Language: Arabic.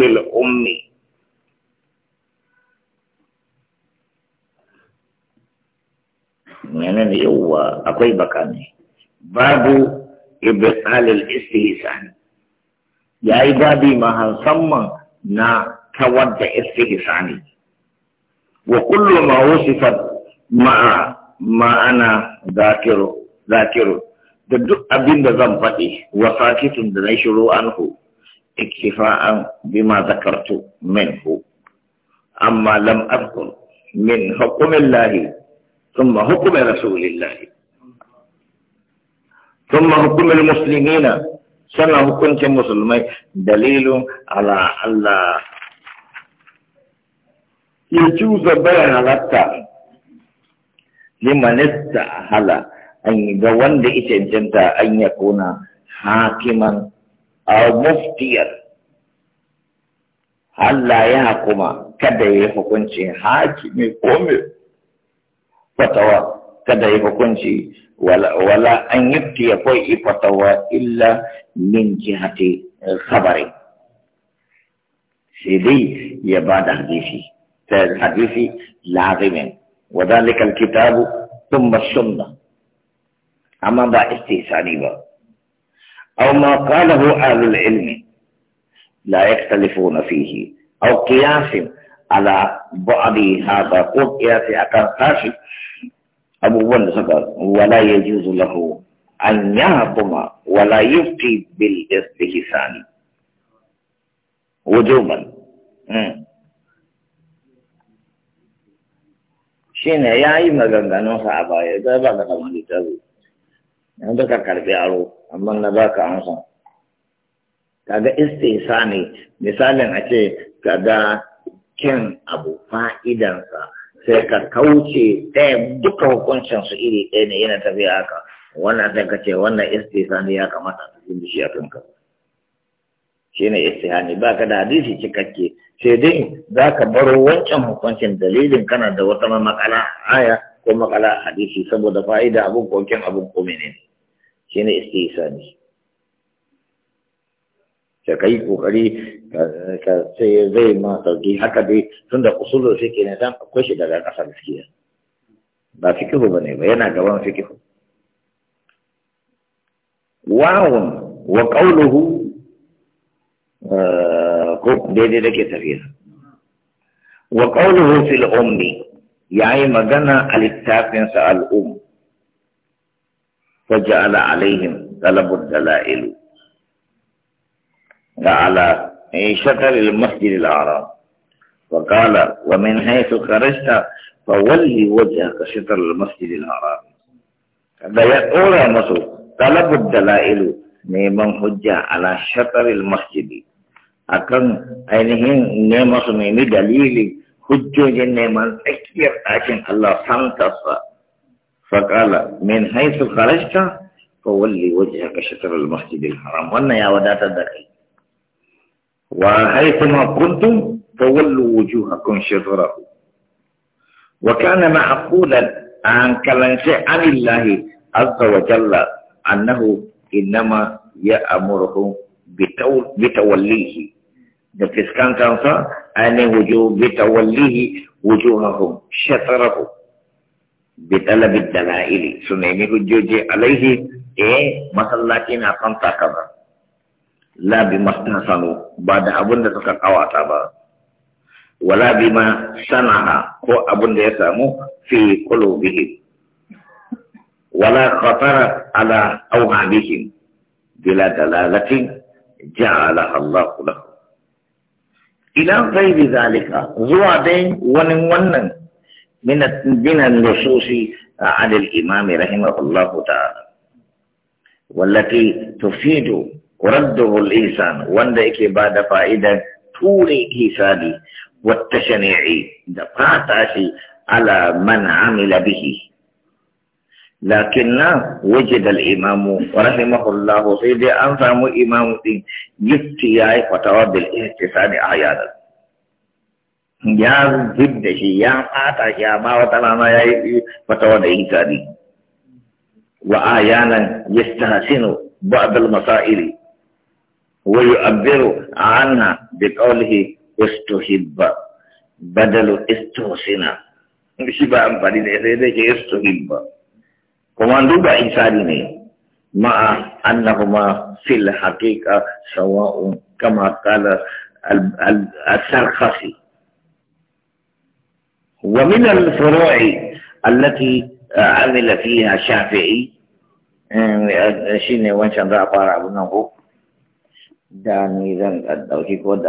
fil ummi ne yawa akwai baka ne babu ibtalil istihsan yayi babi musamman na kawar da istihsani wa kullu ma wusifat ma'a ma'ana zakiru zakiru da duk abin da zan faɗi wa sakitun da na shiru anhu اكتفاء بما ذكرت منه أما لم أذكر من حكم الله ثم حكم رسول الله ثم حكم المسلمين سنة حكم المسلمين دليل على الله يجوز بيع على لمن استأهل أن يجوان لإتجنت أن يكون حاكما او مفتير هلا يا كما كدا يحكمشي حاكم قومي فتوى كدا يحكمشي ولا ولا ان يفتي في فتوى الا من جهه الخبر سيدي يا بعد حديثي فهذا حديثي لازم وذلك الكتاب ثم السنه اما با استثاني أو ما قاله أهل العلم لا يختلفون فيه أو قياس على بعض هذا قد قياس أكان تاشي أبو بن بند ولا يجوز له أن يهضم ولا يبقي بالاستهسان وجوبا شين يا أي مغنغنو صعبا يدابا لكم هل تابو yanzu ka karbi aro amma na ba ka amsa kaga istisa ne misalin a ce kaga kin abu fa'idansa sai ka kauce ɗaya duka hukuncin su iri ɗaya ne yana tafiya haka wannan sai ka ce wannan istisa ne ya kamata a cikin bishiya kanka shi ne istihani ba ka da hadisi cikakke sai dai za ka baro wancan hukuncin dalilin kana da wata makala aya ko makala hadisi saboda fa'ida abun kokin abun ko ne. shi ne istisani ka kai kokari ka sai zai ma sauki haka dai tun da usulun fiƙi ne zan akwai shi daga ƙasa gaskiya ba fiƙihu ba ne ba yana gaban fiƙihu wawun wa ƙauluhu eh, ko daidai da ke tafiya wa ƙauluhu fil'ummi ya yi magana a littafinsa al'umma فجعل عليهم طلب الدلائل على شطر المسجد الأعراب وقال ومن حيث خرجت فولي وجهك شطر المسجد الأعراب هذا يقول مصر طلب الدلائل نيمان حجة على شطر المسجد akan ainihin nema su nemi dalili hujjojin neman tsakiyar ɗakin Allah san فقال من حيث خرجت فولي وجهك شطر المسجد الحرام وانا يا ودات الدقي وحيث ما كنتم فولوا وجوهكم شطره وكان معقولا عن كلام عن الله عز وجل أنه إنما يأمره بتوليه نفس كان صار أن وجوه بتوليه وجوههم شطره bi الدلائل سنيني حجوجي hujjoji alaihi, e masallati na كذا لا la bi بعد bada da suka kawata ba wala bima sanaha ko abun da ya samu fi qulubihi wala khatara ala awhabihim bila dalalatin ja'ala Allah lahu ila ghairi zalika zuwa dai wani wannan من من النصوص عن الإمام رحمه الله تعالى والتي تفيد رده الإنسان وندئك بعد فائدة طول حسابي والتشنيعي دقاتاشي على من عمل به لكن وجد الإمام رحمه الله سيدي أنفهم إمام يفتي فتوى الاحتسان اعيانا ya zub da shi ya fata shi amma wata rana ya yi fata wanda yi tari wa a yanan ayanan yastahsinu ba'd al-masaili wa yu'abbiru anha bi qawlihi istuhibba badalu istuhsina shi ba amfani da sai dai ke istuhibba kuma duba insani ne ma'a annahuma fil haqiqa sawa'un kama kala al-sarkhasi ومن الفروع التي عمل فيها الشافعي آه، شافعي وين وانشان ذا أبارا أبنه داني ذا الدوشي كودا